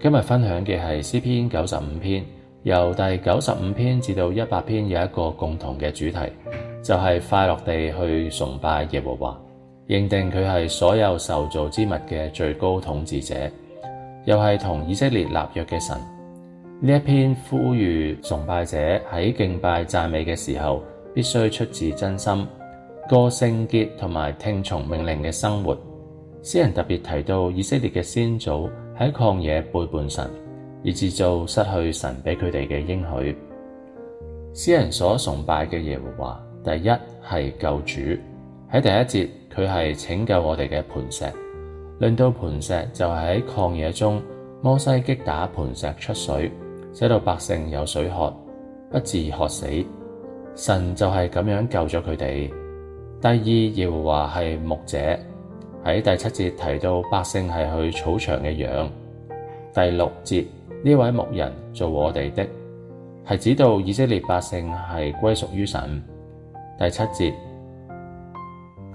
今日分享嘅係詩篇九十五篇，由第九十五篇至到一百篇有一個共同嘅主題，就係、是、快樂地去崇拜耶和華，認定佢係所有受造之物嘅最高統治者，又係同以色列立約嘅神。呢一篇呼籲崇拜者喺敬拜讚美嘅時候，必須出自真心，歌聖潔同埋聽從命令嘅生活。詩人特別提到以色列嘅先祖，喺曠野背叛神，以致做失去神畀佢哋嘅應許。詩人所崇拜嘅耶和華，第一係救主。喺第一節佢係拯救我哋嘅磐石。論到磐石就係喺曠野中，摩西擊打磐石出水，使到百姓有水喝，不致渴死。神就係咁樣救咗佢哋。第二耶和華係牧者。喺第七節提到百姓係去草場嘅羊。第六節呢位牧人做我哋的，係指到以色列百姓係歸屬於神。第七節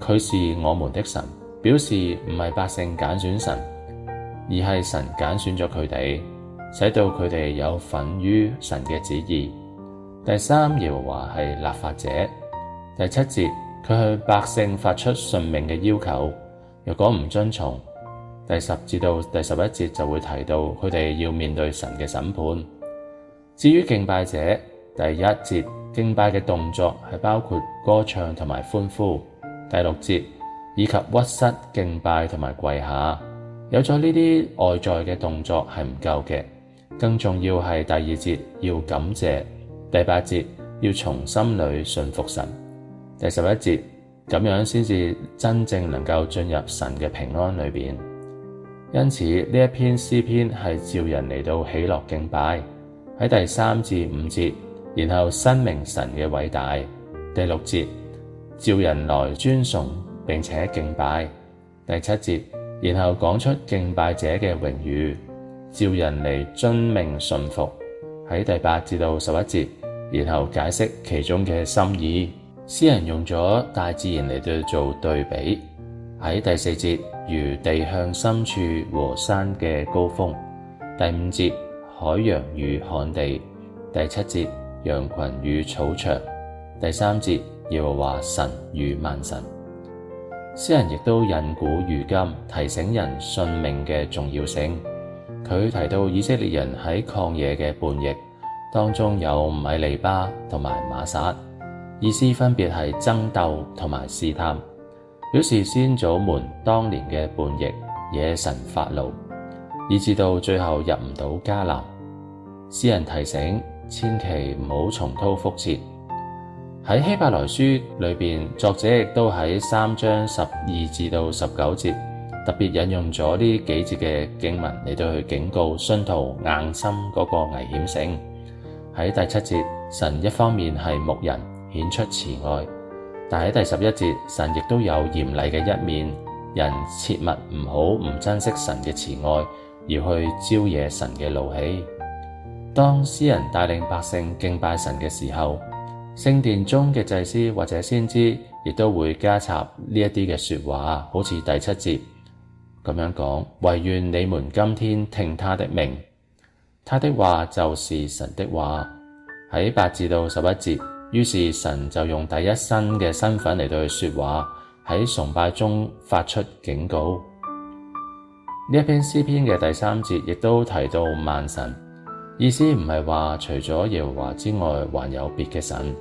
佢是我們的神，表示唔係百姓揀選神，而係神揀選咗佢哋，使到佢哋有份於神嘅旨意。第三耶和華係立法者。第七節佢向百姓發出順命嘅要求。如果唔遵從，第十至到第十一節就會提到佢哋要面對神嘅審判。至於敬拜者，第一節敬拜嘅動作係包括歌唱同埋歡呼，第六節以及屈膝敬拜同埋跪下。有咗呢啲外在嘅動作係唔夠嘅，更重要係第二節要感謝，第八節要從心裏信服神，第十一節。咁樣先至真正能夠進入神嘅平安裏邊，因此呢一篇詩篇係召人嚟到喜樂敬拜喺第三至五節，然後申明神嘅偉大；第六節召人來尊崇並且敬拜；第七節然後講出敬拜者嘅榮譽，召人嚟遵命順服喺第八至到十一節，然後解釋其中嘅心意。詩人用咗大自然嚟到做對比，喺第四節如地向深處和山嘅高峰，第五節海洋與旱地，第七節羊群與草場，第三節要話神與萬神。詩人亦都引古如今，提醒人信命嘅重要性。佢提到以色列人喺曠野嘅叛逆當中有米利巴同埋瑪撒。意思分別係爭鬥同埋試探，表示先祖們當年嘅叛逆惹神發怒，以致到最後入唔到迦南。詩人提醒，千祈唔好重蹈覆轍。喺希伯來書裏面，作者亦都喺三章十二至到十九節特別引用咗呢幾節嘅經文嚟到去警告信徒硬心嗰個危險性。喺第七節，神一方面係牧人。顯出慈愛，但喺第十一節，神亦都有嚴厲嘅一面。人切勿唔好唔珍惜神嘅慈愛，而去招惹神嘅怒氣。當詩人帶領百姓敬拜神嘅時候，聖殿中嘅祭司或者先知亦都會加插呢一啲嘅說話，好似第七節咁樣講。「唯願你們今天聽他的命。」他的話就是神的話。喺八至到十一節。於是神就用第一身嘅身份嚟對佢說話，喺崇拜中發出警告。呢一篇詩篇嘅第三節亦都提到萬神，意思唔係話除咗耶和華之外還有別嘅神。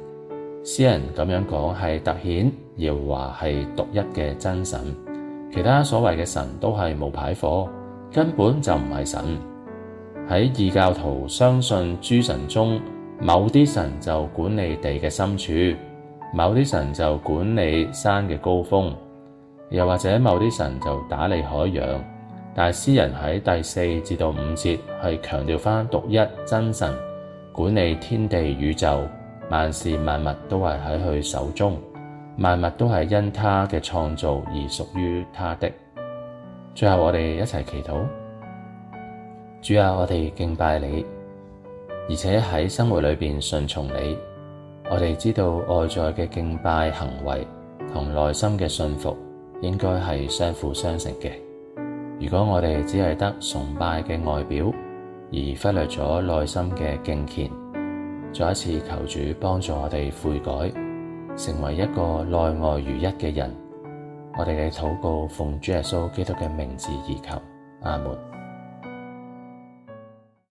詩人咁樣講係凸顯耶和華係獨一嘅真神，其他所謂嘅神都係冒牌貨，根本就唔係神。喺異教徒相信諸神中。某啲神就管理地嘅深處，某啲神就管理山嘅高峰，又或者某啲神就打理海洋。但係詩人喺第四至到五節係強調翻獨一真神管理天地宇宙，萬事萬物都係喺佢手中，萬物都係因他嘅創造而屬於他的。最後我哋一齊祈禱，主啊，我哋敬拜你。而且喺生活裏面順從你，我哋知道外在嘅敬拜行為同內心嘅信服應該係相輔相成嘅。如果我哋只係得崇拜嘅外表，而忽略咗內心嘅敬虔，再一次求主幫助我哋悔改，成為一個內外如一嘅人。我哋嘅禱告奉主耶穌基督嘅名字而求，阿門。